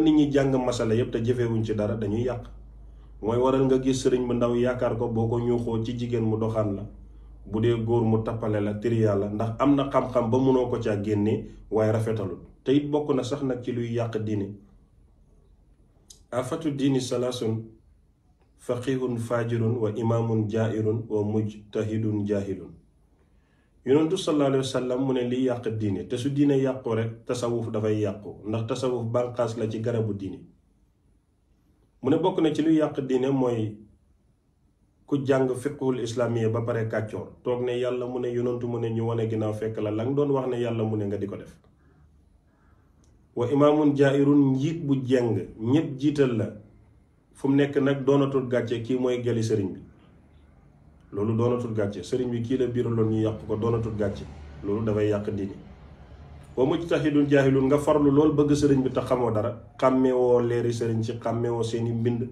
nit ñi jàng masala yépp te jëfewuñ ci dara dañuy yàq mooy waral nga gis sëriñ bu ndaw yaakaar ko boo ko ñuuxoo ci jigéen mu doxaan la bu dee góor mu tappale la tiri yàlla ndax am na xam-xam ba munoo ko caa génnee waaye rafetalul te it bokk na sax nag ci luy yàq diine afatu diini salasun faqihun fajirun wa imamun jairun wa mujtahidun jahilun yonentu sallallahu alayhi wa mu ne liy yàq diine te su diine yàqoo rek tasawuf dafay yàqu ndax tasawuf bànqaas la ci garabu diine mu ne bokk na ci luy yàq diine mooy ku jàng fiqhul islaamiya ba pare kàccoor toog ne yàlla mu ne yonentu mu ne ñu wane ginnaaw fekk la lang doon wax ne yàlla mu ne nga di ko def wa imaamun jaayirun njiit bu jeng ñépp jiital la fu mu nekk nag doonatul gàcce kii mooy geli sëriñ bi loolu doonatul gàcce sëriñ bi kii la biiraloon ñu yàq ko doonatul gàcce loolu dafay yàq diini wa mujtahidun jaahilun nga farlu loolu bëgg sëriñ bi te xamoo dara xàmmeewoo leeri sëriñ si xàmmeewoo seeni mbind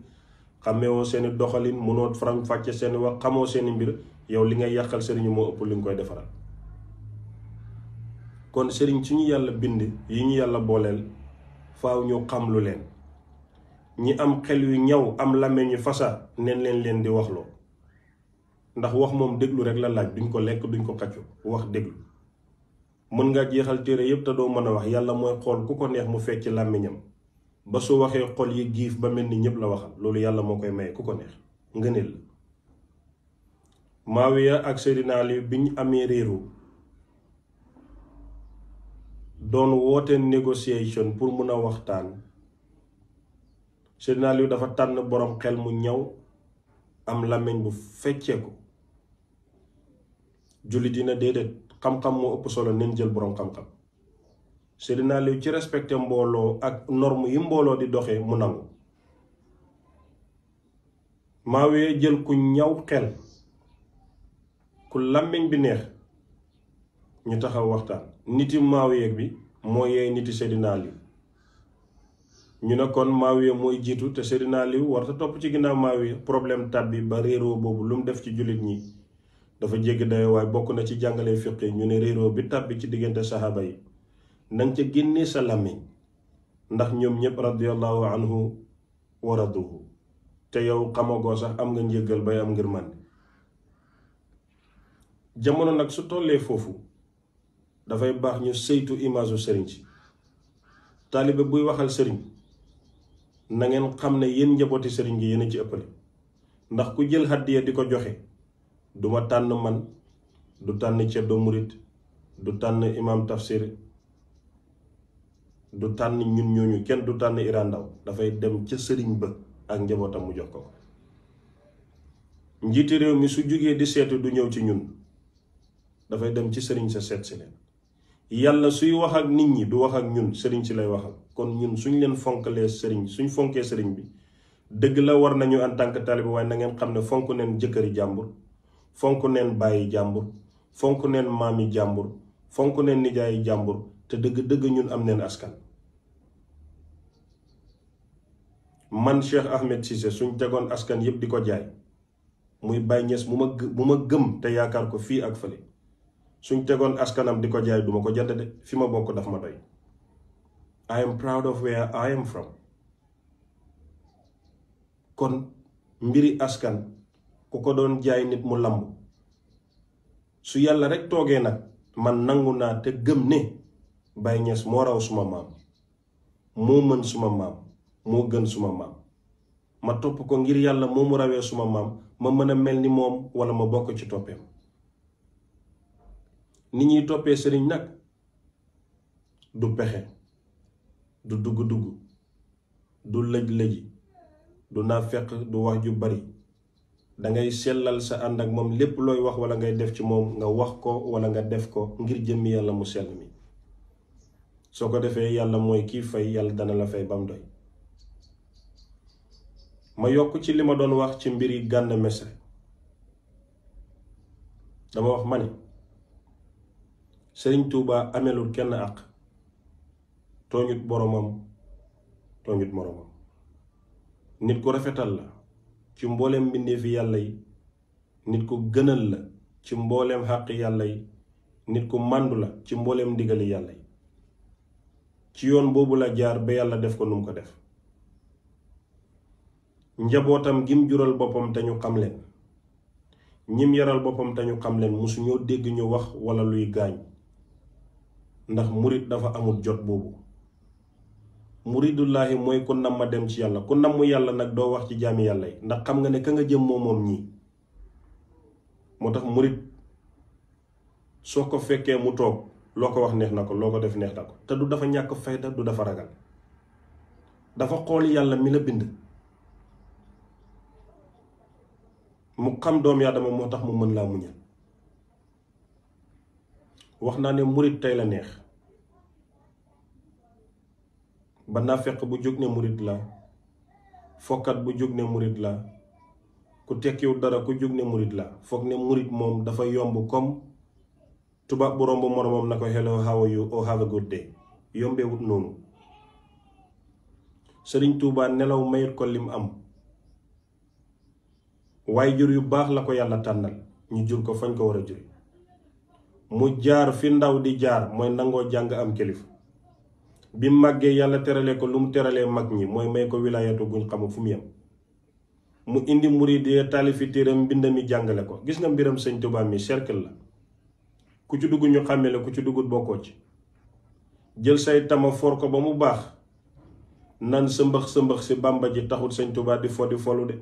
xàmmeewoo seeni doxalin mënoo faram fàcce seeni wax xamoo seeni mbir yow li ngay yàqal sëriñu moo ëpp li nga koy defaral kon sëriñ su ñu yàlla bind yi ñu yàlla booleel faaw ñu xam lu leen ñi am xel yu ñaw am làmmiñ yu fasa neen leen leen di waxloo ndax wax moom déglu rek la laaj duñ ko lekk duñ ko kaccu wax déglu mën nga jeexal téere yépp te doo mën a wax yàlla mooy xool ku ko neex mu fecc làmmiñam ba su waxee xool yi giif ba mel ni ñépp la waxal loolu yàlla moo koy mayee ku ko neex ngëneel la Maawiya ak Seydina Ali bi ñu amee réeru doon woote négociation pour mën a waxtaan Seydina Ali dafa tànn boroom xel mu ñaw am làmmiñ bu ko julit dina dede xam-xam mo upp solo neen jël borom xam-xam Seydina Aliou ci respecté mbolo ak norme yi mbolo di doxé mu nangu wé jël ku ñaw xel ku làmmiñ bi neex ñu taxaw waxtaan niti maaweeg bi moye niti Seydina Aliou ñu ne kon maawiya moy jitu te Seydina Aliou war ta topp ci ginnaaw maawiya problème tabbi ba rero bobu lu def ci julit ñi dafa jéggi dayo waaye bokk na ci jàngale fiqi ñu ne réeroo bi tàbbi ci diggante saxaaba yi nang ca génnee sa ndax ñoom ñépp radiallahu anhu wa raduhu te yow xamagoo sax am nga njéggal bay am ngir man jamono nag su tollee foofu dafay baax ñu saytu image sëriñ si buy waxal sëriñ na ngeen xam ne yéen njabooti sëriñ gi yéen a ci ëppale ndax ku jël di ko joxe duma tànn man du tànn ceddo murit du tànn imam tafsir du tànn ñun ñooñu kenn du tànn Iran dafay dem ca sëriñ ba ak njabootam mu jox ko ko njiiti réew mi su jógee di seetu du ñëw ci ñun dafay dem ci sëriñ sa seet si leen yàlla suy wax ak nit ñi du wax ak ñun sëriñ si lay waxal kon ñun suñ leen fonkalee sëriñ suñ fonkee sëriñ bi dëgg la war nañu en tant que talib waaye nangeen xam ne fonk neen jëkkëri jàmbur fonku nen baye jambour mami nen mami jambour fonku nen nijaay jambour te deug deug ñun am nen askan man Cheikh Ahmed cisse suñ tegoon askan yeb di jaay muy Baye ñes mu buma mu gëm te yaakar ko fi ak fele suñ tegon askanam di jaay duma ko jënd de fi ma bokk daf ma doy I am proud of where I am from kon mbiri askan ku ko doon jaay nit mu lamb su yalla rek toge nak man nanguna te gem ne semua ñes mo raw suma mam mo man suma mam mo gën suma mam ma top ko ngir yalla mo mu rawé suma mam ma mëna melni mom wala ma bok ci topé ni ñi topé sëriñ nak du pexé du dugg-dugg du lej lej du du wax ju bari da ngay sellal sa ànd ak moom lépp looy wax wala ngay def ci moom nga wax ko wala nga def ko ngir jëmmi yàlla mu sell mi soo ko defee yàlla mooy kii fay yàlla dana la fay bam doy ma yokk ci li ma doon wax ci mbiri Gana Messere dama wax ma ni sëriñ Touba amelul kenn àq tooñut boromam tooñut moromam nit ku rafetal la ci mbooleem mbindeefi yàlla yi nit ku gënal la ci mbooleem xàq yàlla yi nit ku màndu la ci mbooleem ndigali yàlla yi ci yoon boobu la jaar ba yàlla def ko nu ko def njabootam gim jural boppam te ñu xam leen ñim yaral boppam te ñu xam leen musu ñoo dégg ñu wax wala luy gaañ ndax murit dafa amul jot boobu muridullahi moy ku nam ma dem ci yalla ku nam yalla nak do wax ci jami yalla ndax xam nga ne ka nga jëm mom mom motax murid soko fekke mu tok loko wax neex nako loko def neex nako te du dafa ñak fayda du dafa ragal dafa xol yalla mi la bind mu xam doom ya dama motax mu mën la muñal wax ne murid tay la neex ba nafeq bu jóg ne murit la fokkat bu jóg ne murit la ku tekkiw dara ku jóg ne murit la foog ne murit moom dafa yomb comme tubaab bu romb moromam na ko hello how are you oh yombewut noonu sëriñ tuubaa nelaw mayut ko lim am waaye jur yu baax la ko yàlla tànnal ñu jur ko fañ ko war a jur mu jaar fi ndaw di jaar mooy nangoo jàng am kilifa bi màggee yàlla terale ko lu mu teralee mag ñi mooy may ko wilaayatu guñ xamul fu mu yem mu indi muridee taalifi téeram mbindami jàngale ko gis nga mbiram sëñ Tuubaa mi cercle la ku ci dugg ñu xàmme la ku ci duggut bokkoo ci jël say tama for ko ba mu baax nan sëmbax sëmbax si bàmba ji taxul sëñ Tuubaa di fo di folu de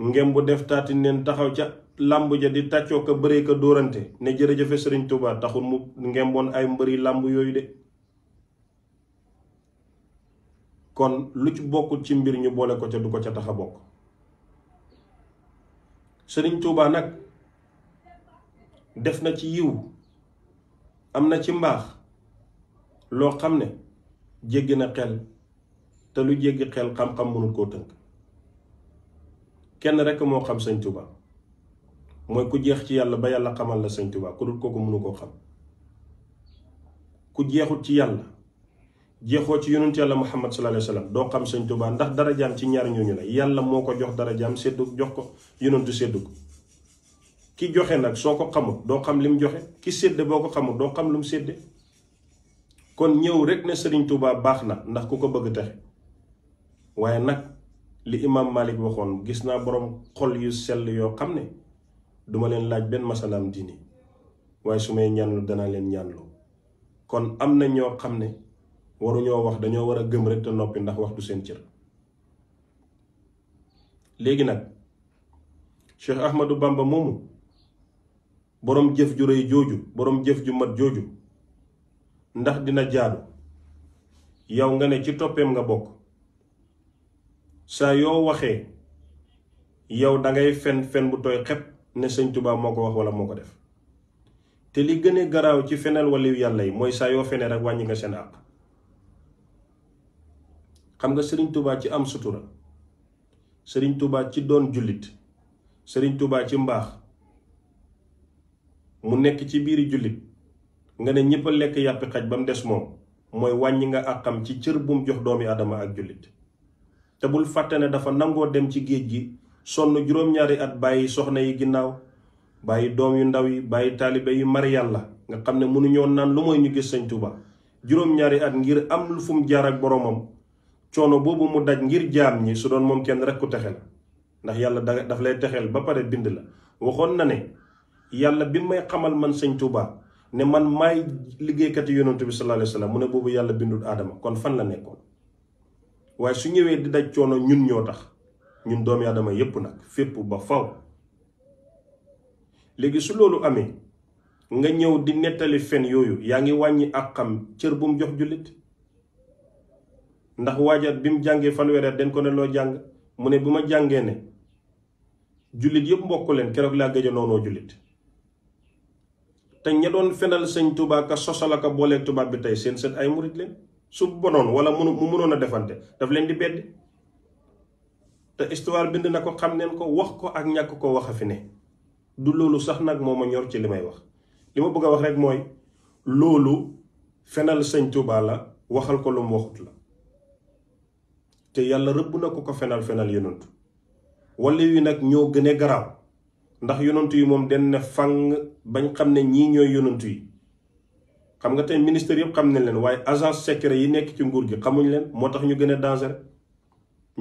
ngem bu def taati neen taxaw ca làmb ja di tàccoo ko bëree ko dóorante ne jërëjëfe sëriñ tubaa taxul mu ngemboon ay mbëri làmb yooyu de kon lu ci bokkul ci mbir ñu boole ko ca du ko ca tax bokk sëriñ Tuubaa nag def na ci yiw am na ci mbaax loo xam ne jéggi na xel te lu jéggi xel xam-xam mënul koo tënk kenn rekk moo xam sëñ Tuubaa mooy ku jeex ci yàlla ba yàlla xamal la sëñ Tuubaa ku dul kooku mënu koo xam ku jeexut ci yàlla jeexoo ci yonent yàlla muhammad sallallahu Alaihi wasallam doo xam sëñ Tuubaa ndax dara jaam ci ñaar ñooñu la yàlla moo ko jox dara jaam seddu jox ko Yunus séddu ko ki joxe nag soo ko xamul xam lim joxe ki sédde boo ko xamul doo xam lu mu kon ñëw rek ne sëriñ Tuubaa baax na ndax ku ko bëgg texe waaye nag li imam malik waxoon gis naa borom xol yu sell yoo xam ne duma leen laaj benn masalaam dini waaye sumay may ñaanlu danaa leen kon am na ñoo ñoo wax dañoo war a gëm rek te noppi ndax waxtu seen cër léegi nag Cheikh Ahmadou Bamba moomu Borom jëf ju rëy jooju borom jëf ju mat jooju ndax dina jaadu yow nga ne ci toppeem nga bokk saa yoo waxee yow ngay fen fen bu toy xepp ne sëñ Tuubaa moko wax wala moko def te li gëne garaw ci feneel yalla yi rek wañi nga sen app xam nga sëriñ Touba ci am sutura sëriñ Touba ci doon jullit sëriñ Touba ci mbaax mu nekk ci biiri jullit nga ne ñëpp lekk yàppi xaj ba mu des moom mooy wàññi nga àqam ci cër bum jox doomi Adama ak jullit te bul fàtte ne dafa nangoo dem ci géej gi sonn juróom-ñaari at bàyyi soxna yi ginnaaw bàyyi doom yu ndaw yi bàyyi taalibe yu mari yàlla nga xam ne mënuñoo naan lu mooy ñu gis sëñ Touba juróom-ñaari at ngir am lu fu mu jaar ak boromam. coono boobu mu daj ngir jaam ñi su doon moom kenn rek ku texe la ndax yàlla da daf lay texeel ba pare bind la waxoon na ne yàlla bi may xamal man sëñ Tuubaa ne man may liggéeykati yonantu bi sallallahu alayhi mu ne boobu yàlla bindul aadama kon fan la nekkoon waaye su ñëwee di daj coono ñun ñoo tax ñun doom yaadama yépp nag fépp ba faw léegi su loolu amee nga ñëw di nettali fen yooyu yaa ngi wàññi ak xam cër bu mu jox jullit ndax wajjat bim jangé fan wéré den ko né lo jang mu ne buma jangé né julit yépp mbokk leen kérok la gëjë nono julit té ñi doon sëñ touba ka sosal ak booleeg bi tay seen seen ay mourid leen su bonon wala mu mu mënon na defante daf leen di beddi té histoire bind na ko xam neen ko wax ko ak ñak ko waxa fi né du lolu sax nak moma ñor ci limay wax bëgg wax rek mooy lolu fenal sëñ touba la waxal ko lu mu waxut la te yàlla rëbb na ko ko fenal fenal yonent wala yu nag ñoo gën a garaaw ndax yonent yi moom denn ne fang bañ xam ne ñii ñooy yonent yi xam nga te ministère yëpp xam ne leen waaye agence secret yi nekk ci nguur gi xamuñ leen moo tax ñu gën a danger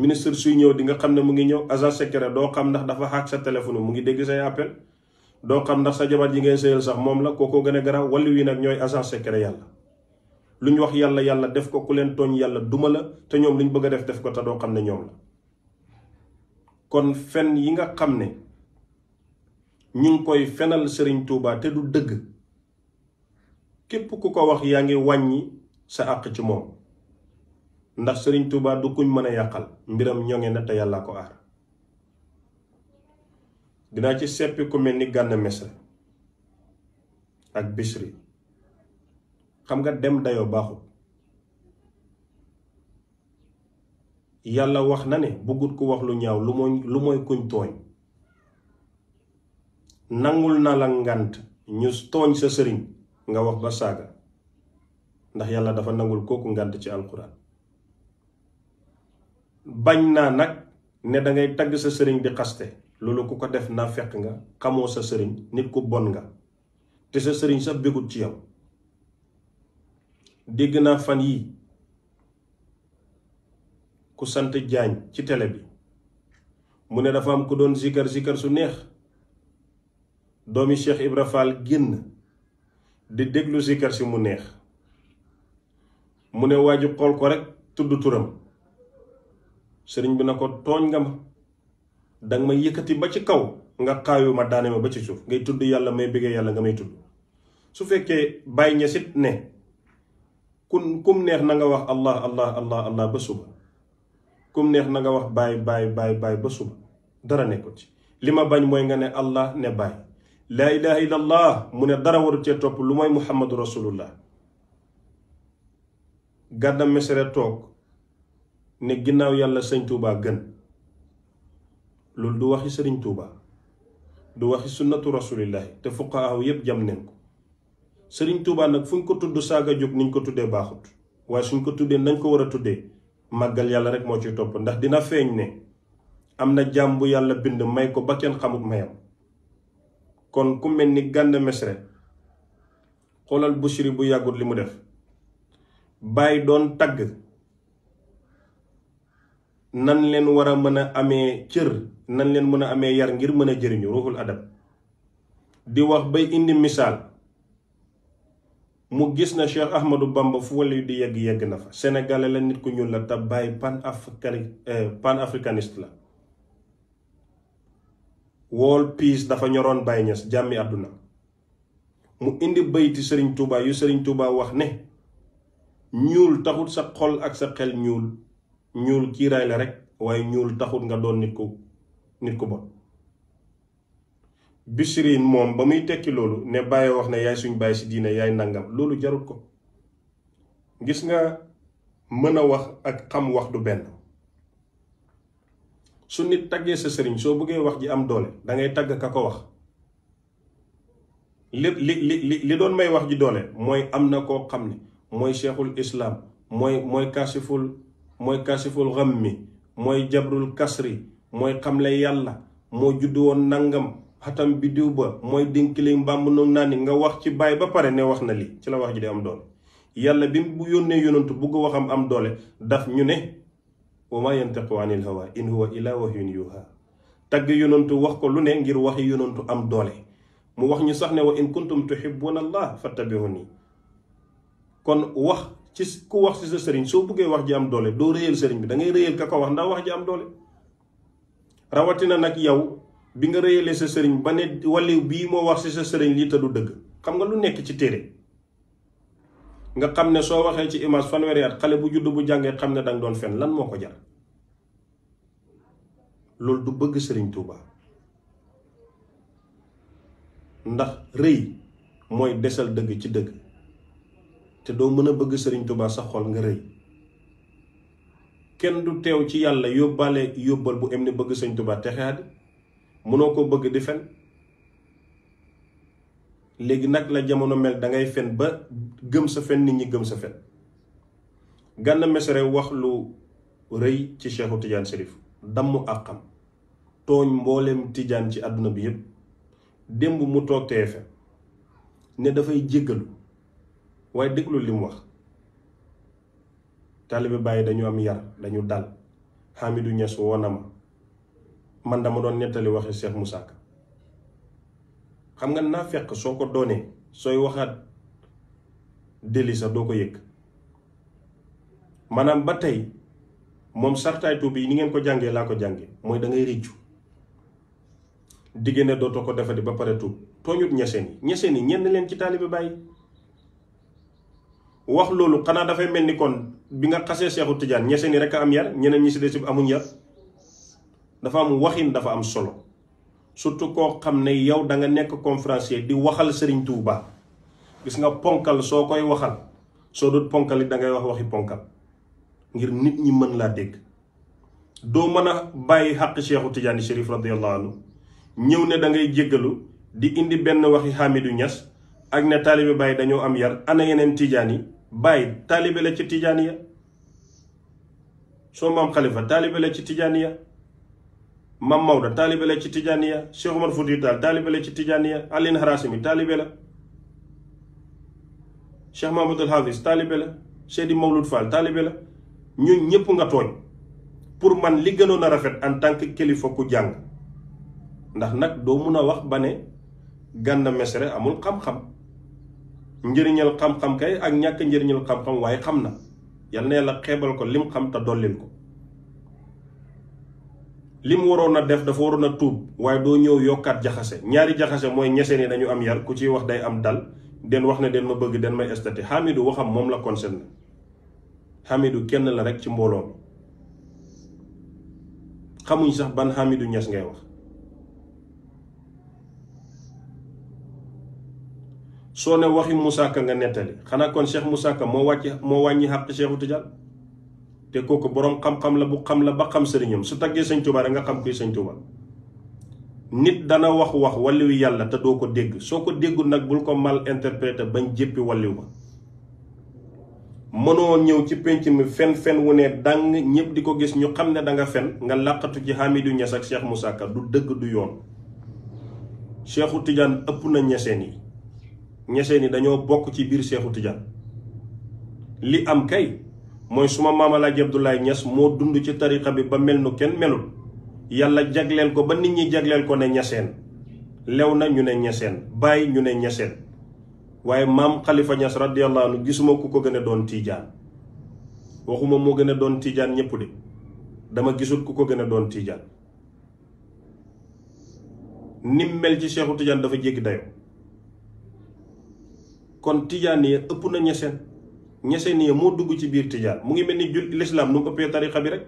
ministre suy ñëw di nga xam ne mu ngi ñëw agence secret doo xam ndax dafa xaak sa téléphone mu ngi dégg say appel doo xam ndax sa jabar yi ngay sëyal sax moom la koo gën a garaaw wala wi nag ñooy agence secret yàlla lu ñu wax yàlla yàlla def ko ku leen tooñ yàlla duma la te ñoom lu ñu bëgg a def def ko te doo xam ne ñoom la kon fen yi nga xam ne ñu ngi koy fenal sëriñ Touba te du dëgg képp ku ko wax yaa ngi wàññi sa àq ci moom ndax sëriñ Touba du kuñ mën a yàqal mbiram ñoŋe na te yàlla ko aar dinaa ci seppi ku mel ni Gana Messere ak Bichri xam nga dem dayoo baaxul yàlla wax na ne bëggut ko wax lu ñaaw lu mooy lu kuñ tooñ nangul na la ngant ñu tooñ sa sëriñ nga wax ba saaga ndax yàlla dafa nangul kooku ngant ci alxuraan bañ naa nag ne dangay tagg sa sëriñ di xaste loolu ku ko def naa fekk nga xamoo sa sëriñ nit ku bon nga te sa sëriñ sa bégut ci yow dégg naa fan yi ku sant jaañ ci tele bi mu dafa am ku doon zikar zikar su neex doomi Cheikh Ibra Fall génn di déglu zikar si mu neex mu ne waa xool ko rek tudd turam sëriñ bi na ko tooñ nga ma dang ma yëkkati ba ci kaw nga xaayu ma daane ma ba ci suuf ngay tudd yàlla may bëggee yàlla nga may tudd su fekkee bàyyi ne kun kum neex na nga wax allah allah allah allah ba suba kum neex na nga wax bay bay bay bay ba suba dara nekkul ci Lima bañ moy nga ne allah ne bay. la ilaha illallah mune dara waru ci top lu moy muhammad rasulullah gadda mesere tok ne ginnaw yalla seigne touba gën lul du waxi seigne touba du waxi sunnatu rasulillahi te fuqaahu yeb jam neen sering Touba nak fuñ ko tuddu saga jóg niñ ko tuddé baxut way suñ ko tuddé nañ ko wara tuddé magal yalla rek mo ci top ndax dina feñ né amna na yalla bind may ko bakken xamuk mayam kon ku melni ni mesre xolal bushri bu yagut limu def bay doon tag nan len wara meuna amé cieur nan len meuna amé yar ngir meuna jeriñu ruhul adab di wax bay indi misal mu gis na Cheikh Ahmadou Bamba fu wala yu di yegg yegg na fa sénégalais la nit ku ñuul la te bàyyi pan africani euh, pan la world peace dafa ñoroon Baye jàmmi àdduna mu indi bayti Serigne Touba yu sëriñ Touba wax ne ñuul taxut sa xol ak sa xel ñuul ñuul kiiraay la rek waaye ñuul taxut nga doon nit ku nit ku bon Bichirine moom ba muy tekki loolu ne bàyyi wax na yaay suñ bàyyi si diine yaay nangam loolu jarut ko gis nga mën a wax ak xam wax du benn su nit taggee sa sëriñ soo bëggee wax ji am doole dangay tagg ka ko wax li li li li doon may wax ji doole mooy am na koo xam ne mooy cheikhul islaam mooy mooy kaasiful mooy kaasiful xam mi mooy jabrul kasri mooy xamle yàlla moo juddu woon nangam xatam bi diw ba mooy dénk leen mbàmb noonu naa ni nga wax ci baay ba pare ne wax na li ci la wax ji di am doole yàlla bi mu yónnee yonantu bugg waxam am doole daf ñu ne wa maa yantiqu anil hawa in huwa illaa wahyun yuuhaa tagg yonantu wax ko lu ne ngir waxi yonantu am doole mu wax ñu sax ne wa in kuntum tuhibbuuna allah fattabi'uuni kon wax ci ku wax ci sa sëriñ soo bëggee wax ji am doole doo réyal sëriñ bi dangay ngay réyal ka ko wax ndax wax ji am doole rawatina nag yow bi nga reyele sa sëriñ ba ne waliw bi mo wax ci sa sëriñ li te du dëgg xam nga lu nekk ci téré nga xam ne soo waxee ci image fanweeri at xale bu judd bu jàngee xam ne danga doon fen lan moo ko jar loolu du bëgg sëriñ Touba ndax rëy mooy desal dëgg ci dëgg te doo mën a bëgg sëriñ Touba sa xol nga rëy kenn du teew ci yàlla yóbbaale yóbbal bu emne ne bëgg sëriñ Touba texeadi mënoo ko bëgg di fen léegi nag la jamono mel dangay fen ba gëm sa fen nit ñi gëm sa fen Gana Messere wax lu rëy ci Cheikhu Tidiane Chérif damm àqam tooñ mboolem Tidiane ci àdduna bi yépp démb mu toog TFM ne dafay jéggalu waaye déglu li mu wax taalibe bàyyi dañu am yar dañu dal Hamidou Niass woon na ma man dama don netali waxe Cheikh Moussa xam nga naa fekk soo ko doonee sooy deli sa doko yek manam batay mom sartay moom bi ni ngeen ko jangé la ko jangé moy da ngay rëccu diggéene dootoo ko defati ba paré tuub toñut ñeseen yi ñeseen leen ci taalibe bay wax lolu xana da fay ni kon bi nga xasee cheikhou tidiane rek am yar ñeneen ñi ci amuñ yar dafa am waxin dafa am solo surtout ko xamne yow da nga nek conférencier di waxal Serigne Touba gis nga ponkal so koy waxal so dut ponkal da ngay wax waxi ponkal ngir nit ñi mën la deg do mëna bayyi bàyyi cheikhou Tidiane Chérif radiyallahu anhu ñew ne da ngay jéggelu di indi ben waxi Hamidou Niass ak ne talibé Baye dañu am yar ana yenen Tidiane yi Baye taalibe la ci Tidiane ya so Khalifa talibé la ci Tidiane ya Mam Maodo taalibe la ci Tijaaniya Cheikh Omar Foutiyou Tall taalibe la ci Tijaaniya Aline Harasimi taalibe la Cheikh Mahmadul Hafiz taalibe la Seydi Mawlud Fall taalibe la ñun ñëpp nga tooñ pour man li gënoon a rafet en tant que kilifa ku jàng ndax nag doo mun a wax ba ne Gana Messere amul xam-xam njëriñal xam-xam kay ak ñàkk njëriñal xam-xam waaye xam na yal na yàlla xeebal ko lim xam te dollil ko lim waroon na def dafa waroon tub waye do ñew ñëw yokkaat jaxase ñaari jaxase moy ñese ni dañu am yar ku ci wax day am dal den wax ne den ma bëgg den may estati hamidu waxam mom la concerne hamidu kenn la rek ci mbolo xamuñ sax ban Hamidu ñes ngay wax so ne waxi musaka nga netali xana kon Cheikh musaka Ka wacc mo wañi haq Tidiane te koku borom xam-xam la bu xam la ba xam serignum su tagge sëñ touba nga xam touba nit dana wax wax waliw yalla te doo ko deg soo ko déggul bul ko mal interpréter bañ jepi waliw ba mono ñew ci mi fen fen wone dang dàng diko di ko gis ñu xam ne da nga fen nga laqatu ci Hamidou Niass ak Cheikh Moussa Ka du deug du yoon cheikhou Tidiane ëpp na ñeseen yi dañoo bok ci bir cheikhou Tidiane li am kay moy suma mama Alaaji Abdoulaye ñess mo dund ci tariqa bi ba melnu ken melul yalla yàlla ko ba nit ñi jagleel ko ne ñaseen lewna ñu ne ñaseen bay ñu ne ñaseen waye mam Khalifa Niass radiyallahu anhu gisuma ku ko gëna don tidian waxuma mo gëna don tidian ñepp de dama gisul ku ko gëna don tidian nim mel ci cheikhou tidian dafa jéggi dayo kon tidian ye ëpp na ñeseniya moo dugg ci biir tijaan mu ngi mel ni jul lislaam nu mu ëppee tarixa bi rek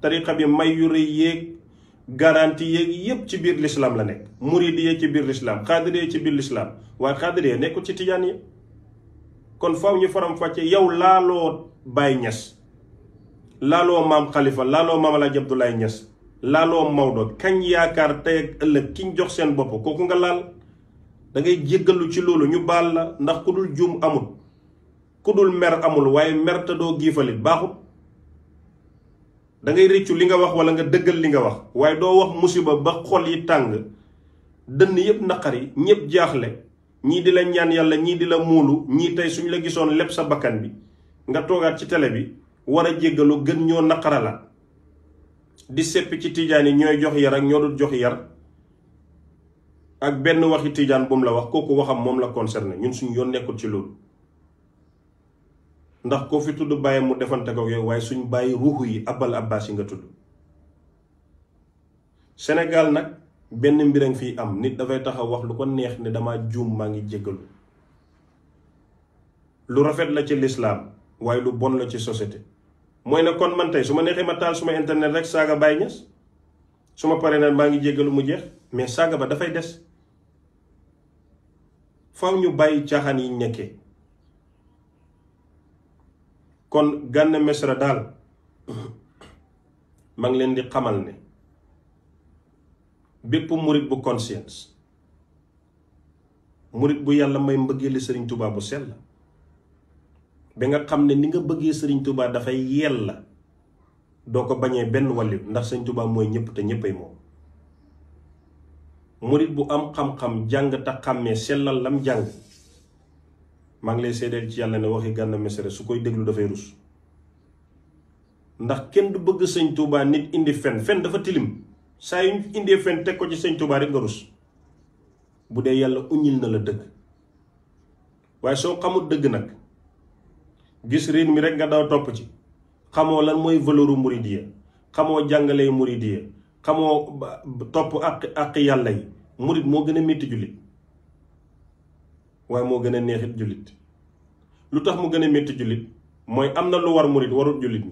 tarixa bi may yu rëy yéeg garanti yépp ci biir lislaam la nekk muridiya ci biir lislaam xaadiriya ci biir lislaam waaye xaadiriya nekkul ci tijaan yi kon faw ñu faram fàcce yow laaloo Baye Niass laaloo maam Khalifa laaloo maam Alaaji Abdoulaye Niass laaloo Maodo kañ yaakaar tey ak ëllëg kiñ jox seen bopp kooku nga laal dangay ngay ci loolu ñu baal la ndax ku dul amul kudul mer amul way mer ta do gifalit baxut da ngay reccu li nga wax wala nga deggal li nga wax waaye do wax musiba ba xol yi tang deun yeb nakari ñëpp jaxle ñi di la ñaan yalla ñi di la muulu ñii tey suñ la gisoon lepp sa bakkan bi nga togaat ci tele bi wara jéggalu gën ñoo nakara la di sepp ci tidiane ñoy jox yar ak ñoo dul jox yar ak benn waxi tidiane bu la wax koku waxam mom la concerner ñun suñ yoon nekkul ci loolu ndax ko fi tuddu baye mu defante ko yow way suñ baye ruhu yi abal abbas nga tuddu senegal nak benn mbir fi am nit fay taxaw wax lu ko neex ne dama joom ma ngi jéggalu lu rafet la ci l'islam way lu bon la ci société moy ne kon man tay suma ma ma tal suma internet rek saga baye ñes suma ma paree ma ngi jéggalu mu jeex mais saga ba fay des faaw ñu baye caaxaan yi kon ganne mesra dal mang len di xamal ne bepp mourid bu conscience mourid bu yalla may mbëggee le serigne touba bu sel be nga xamne ni nga serigne touba da fay yella do ko bañee ben wàlliw ndax serigne touba moy ñepp te ñeppay mourid bu am xam-xam jang ta xamé selal lam jang. maa ngi lay seedeel ci yàlla ne waxi Gana Messere su koy déglu dafay rus ndax kenn du bëgg sëñ Touba nit indi fen fen dafa tilim saa yu indee fen teg ko ci sëñ Touba rek nga rus bu dee yàlla uññil na la dëgg waaye soo xamul dëgg nag gis réew mi rek nga daw topp ci xamoo lan mooy valeuru muridiya xamoo jàngale muridiya xamoo topp ak ak yàlla yi murid moo gën a métti li waye mo gëna neexit julit mete mu gëna metti julit moy amna lu war murid warul julit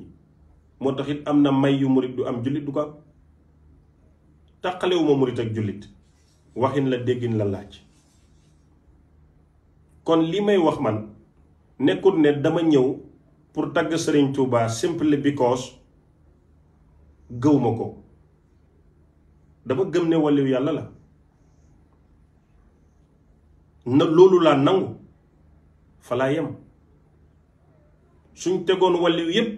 ni may yu murid du am julit du ko am mo murid ak julit waxin la deggin la laaj kon li may wax man nekkul ne dama ñew pour tag Serigne Touba simple because gëwma dama gëm ne waliw yalla la na loolu laa nangu falaayam laa yem suñ tegoon wàlliw yépp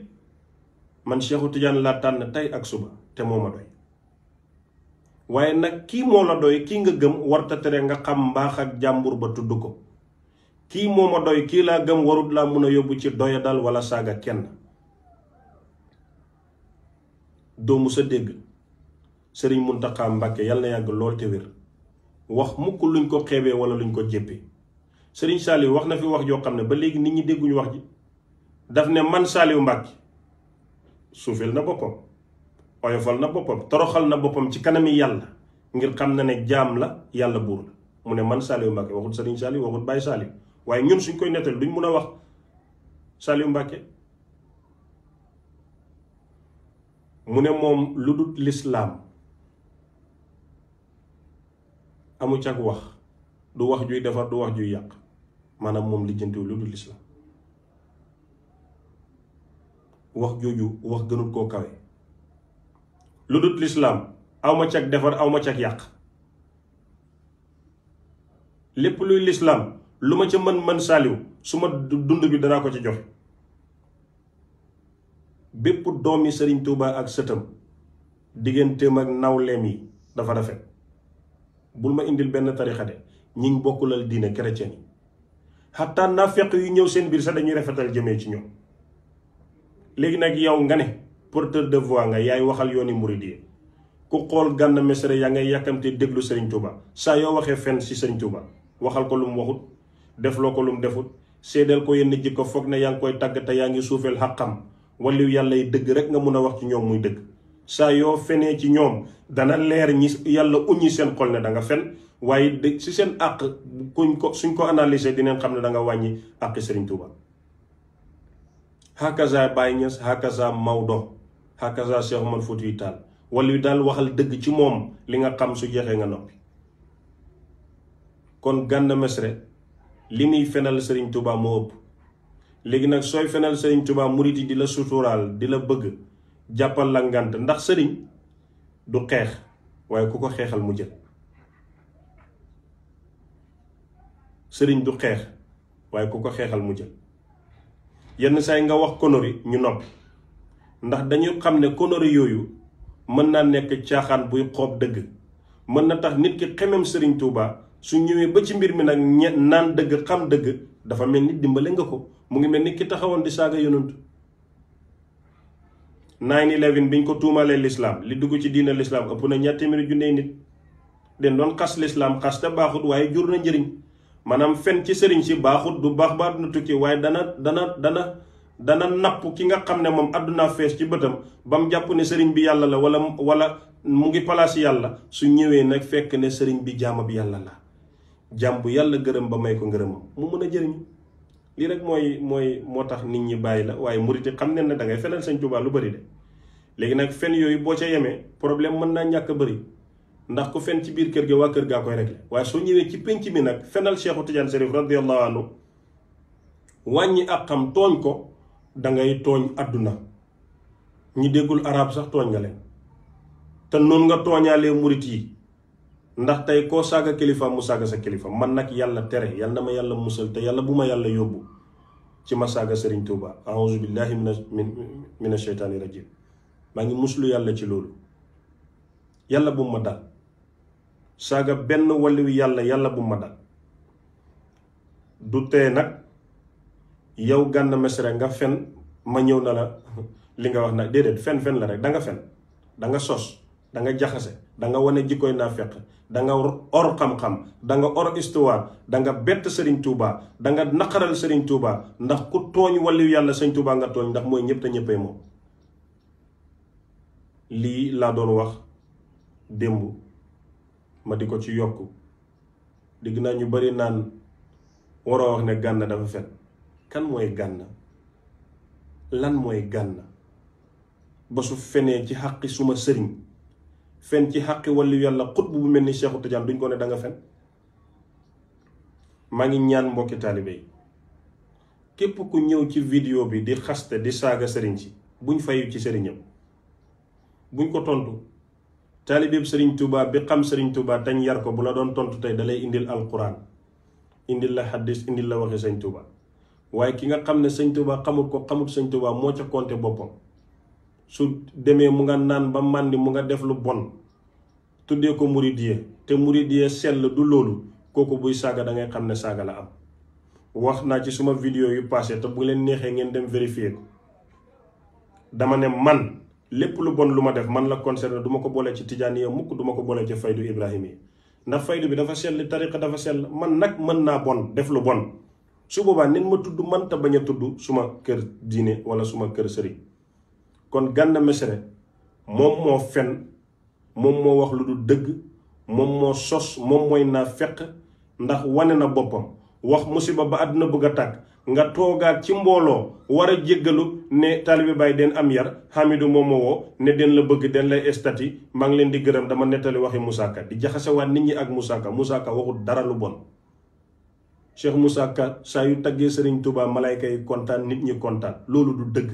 man Seexu Tijaan laa tànn tey ak suba te moo ma doy waaye nag kii moo la doy kii nga gëm warta tere nga jàmbur ba tudd ko kii moo doy kii laa gëm warut laa mun a yóbbu ci doya dal wala saaga kenn doomu sa dégg sëriñ Muntaxa Mbàkke yal na yàgg lool te wér wax mukk luñ ko xébé wala luñ ko djébé serigne sali wax na fi wax jo xamné ba légui nit ñi dégguñ wax ji daf né man Saliou Mbacké soufel na bopam oyofal na bopam toroxal na bopam ci kanami yalla ngir xam na ne jaam la yalla bur mu né man Saliou Mbacké waxul serigne sali waxul Baye sali waye ñun suñ koy netal duñ mëna wax mu né mom l'islam amu ak wax du wax juy defar du wax juy yak maanaam moom lijjantiwu lu dul islam wax joju wax gënut ko kawe lu dut l'islam awma ci ak defar yak, ci ak yak lepp lu l'islam luma ci man man saliw suma dund bi danaa ko ci jox bepp doomi serigne touba ak sëtam digentem ak nawlem yi dafa rafet bul ma indil benn tarixa de ñi ngi bokkulal diine chrétien yi xataa naafeq yu ñëw seen biir sax dañuy rafetal jëmee ci ñoom léegi nag yow nga ne porteur de voix nga yaay waxal yooni murid yi ku xool Gana Messere yaa ngay yàkkamtee déglu Serigne Touba saa yoo waxee fenn si Serigne Touba waxal ko lu mu waxut defloo ko lu defut seedeel ko yenn jikko foog ne yaa ngi koy tàgg te yaa ngi suufeel xàqam waliw yàlla yi dëgg rek nga mun a wax ci ñoom muy dëgg Sayo yo fene ci ñom dana leer ñi yalla uñi seen xol ne da nga fen waye ci seen ak kuñ ko suñ ko analyser dinañ xam ne da nga wañi ak Serigne Touba hakaza Baye hakaza mawdo hakaza Cheikh Oumar fouti tal walu dal waxal deug ci mom li nga xam su nga nopi kon ganna mesre, limi fenal Serigne Touba mo ëpp léegi nak soy fenal Serigne Touba mouride di la sutural di la beug jàppal la ngant ndax sëriñ du xeex waaye ku ko xeexal mu jël sëriñ du xeex waaye ku ko xeexal mu jël yenn saay nga wax konori ñu noppi ndax dañu xam ne konori yooyu mën naa nekk caaxaan buy xoob dëgg mën na tax nit ki xemem sëriñ Touba su ñëwee ba ci mbir mi nag naan dëgg xam dëgg dafa mel ni dimbale nga ko mu ngi mel ki taxawoon di saaga yonantu nine eleven ñu ko tuumalee lislaam li dugg ci diina lislaam ëpp na ñaar téeméeri junne nit den doon xas lislaam xas te baaxut waaye jur na njëriñ maanaam fen ci sëriñ si baaxut du baax ba àdduna tukki waaye dana dana dana dana napp ki nga xam ne moom àdduna fees ci bëtam ba mu jàpp ne sëriñ bi yàlla la wala wala mu ngi palaas yàlla su ñëwee nag fekk ne sëriñ bi jaama bi yàlla la jaam bu yàlla gërëm ba may ko ngërëmam mu mën a jëriñu li rek moy moy motax nit ñi bàyyi la waaye muriti xam ne da ngay fenal sëñ touba lu bari de legi nak fen yoy bo ca yeme problème mën na ñak bari ndax ku fen ci biir kër gi wa kër ga koy réglé waye so ñewé ci penc mi nak fenal cheikhou Tidiane serif radiyallahu anhu wañi akam ko da ngay aduna ñi déggul arab sax tooñ nga leen te non nga toñalé mouride yi ndax tay ko saga kilifa mu saga sa kilifa man nak yalla tere yalla ma yalla musal te yalla buma ma yobbu yobu ci ma saga serigne touba a'udhu billahi min min asheytaani rajim ma ngi muslu yalla ci lolu yalla buma dal saga ben waliw yalla yalla bu buma dal du te nak yow ganna mesere nga fen ma ñew na la li nga wax dedet fen fen la rek da nga fen da nga sos da nga jaxase da nga wane jikkoy naafeq da nga or xam-xam da nga or histoire da nga bet serigne touba da nga nakaral serigne touba ndax ku togn walliyu yalla serigne touba nga togn ndax moy ñepp ta ñeppay mo li la doon wax dembu ma diko ci yokku dig na ñu bari naan waroo wax ne ganna dafa fet kan moy ganna lan moy ganna ba su ci haqi suma serigne fen ci xaqi wàllu yàlla xutb bu mel ni Seexu Tijaan duñ ko ne da nga maa ngi ñaan mbokki képp ku ñëw ci vidéo bi di xaste di saaga sëriñ si buñ fayu ci sëriñam buñ ko tontu taalibeeb sëriñ Touba bi xam sëriñ Touba tañ yar ko bu la doon tontu tey dalay indil alquran indil la xaddis indil la waxi sëñ Touba waaye ki nga xam ne sëñ Touba xamul ko xamul sëñ Touba moo ca konte boppam su démé mu nga nan ba mandi mu nga def lu bon tuddé ko mouridiyé ya, te mouridiyé ya sel du loolu koku buy saga da ngay xamné saga la am waxna ci suma vidéo yu passé té bu leen nexé ngeen dem vérifier dama ne man lepp lu bon luma def man la concerné duma ko bolé ci tijaaniya mukk duma ko bolé ci faydu ibrahimi na ndax faydu bi dafa sel tariqa dafa sel man nak man na bon def lu bon su boba nit ma tuddu man ta baña tuddu suma kër diiné wala suma kër sëriñ kon Gana mesere mom hmm. mo fen mom mo wax lu du sos momo moy na fekk ndax wane na boppam wax musiba ba aduna bëgg a tàkk nga toga ci mbolo wara a ne taalibi Baay den am yar Hamidou momo wo ne den la bëgg den lay estati maa ngi leen di gërëm dama netali waxi musaka di di jaxasewaat nit ñi ak musaka musaka waxu dara lu bon Cheikh musaka yu yi contane nit ñi contane lolu du deug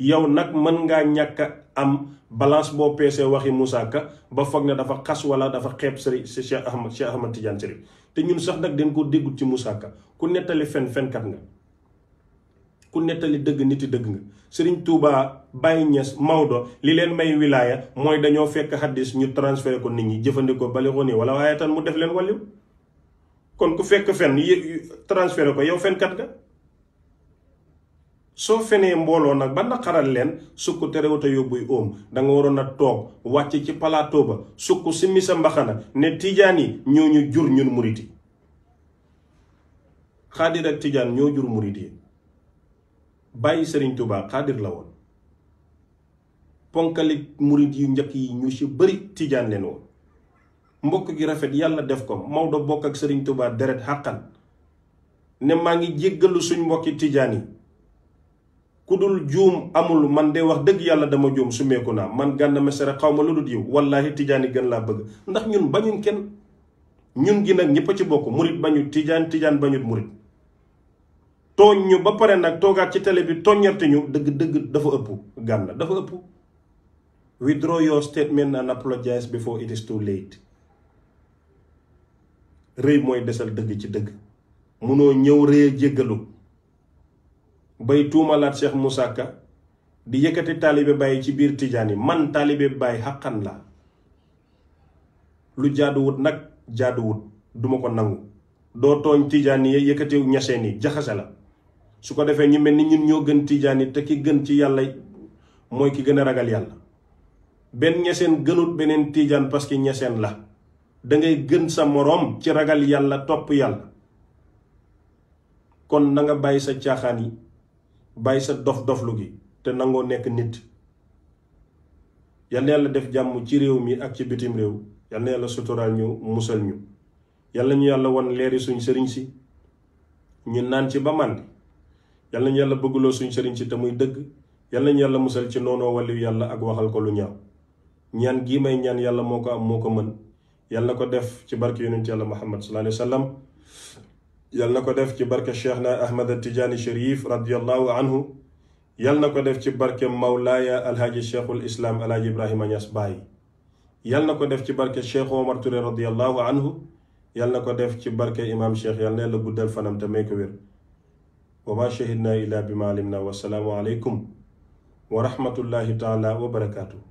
yow nak man nga ñak am balance bo pc waxi Moussa Ka ba foog ne dafa khas wala dafa xeeb sëriñ ci Cheikh ahmed Cheikh ahmed Tidiane sëriñ te ñun sax nak den ko déggul ci Moussa Ka ku netali fen kat nga ku netali deug niti deug nga serigne Touba Baye ñes Maodo li len may wilaya moy daño fekk hadith ñu transférer ko nit ñi jëfëndiko bale ko wala waye tan mu def len walim kon ku fekk fen transférer ko yow kat nga soo fenee mbooloo nag ba naqaral leen sukk terewut a yóbbuy óom da waroon a toog wàcc ci plateau ba sukk si misa mbaxana ne tijaan yi ñoo ñu jur ñun murit yi xaadir ak tijaan ñoo jur murit yi bàyyi sëriñ tubaa xaadir la woon ponkali murit yu njëkk yi ñu ci bëri tijaan leen woon mbokk gi rafet yàlla def ko Maodo bokk ak sëriñ tubaa deret xàqan ne maa ngi jéggalu suñ mbokki tijaan yi kudul jum amul man de wax deug yalla dama joom sumeeku naa man ganna mesere wallahi tijani gën la bëgg ndax ñun bañuñ ken ñun gi nak ñepp ci bokku mourid bañu tidiane tidiane bañu mourid togn ñu ba paré nak toga ci télé bi ñu deug deug dafa ëpp ganna dafa ëpp withdraw your statement and apologize before it is too late reuy moy desal deug ci deug mëno ñëw jéggalu bay tuumalaat Cheikh Moussa Ka di yëkkati talibé bay ci bir tidiane man talibé bay xaqan la lu jaaduwut nak jaaduwut duma ko nangu Do tooñ tijaan yi ya yëkkati ñaseen yi jaxase la su ko defee ñu melni ñun ño gën tidiane te ki gën ci yalla moy ki gëna ragal yalla ben ñaseen gënut benen tidiane parce que la ngay gën sa morom ci ragal yalla top yalla kon na nga bàyyi sa tiaxani bàyyi sa dof-doflu gi te nangoo nekk nit yal yàlla def jàmm ci réew mi ak ci bitim réew yal na yàlla suturaal ñu musal ñu yàlla ñu yàlla won leeri suñ sëriñ si ñu naan ci ba màndi yal na ñu yàlla bëgguloo suñ sëriñ si te muy dëgg yal na ñu yàlla musal ci noonoo wàllu yàlla ak waxal ko lu ñaaw ñaan gii may ñaan yàlla moo ko am moo ko mën yal na ko def ci barke yonent yàlla muhammad sallallahu alayhi wa sallam yal na ko def ci barke cheikh na ahmad tijaani sharif radiallahu anhu yal na ko def ci barke mawlaaya alhaaji cheikhul islaam alhaaji ibrahima ñas baay yal na ko def ci barke cheikh omar Touré radiallahu anhu yal na ko def ci barke imaam cheikh yal na yàlla guddal fanam te may ko wér wa ma shahidna illa bima alimna wasalaamu aleykum wa rahmatullahi taala wa barakaatu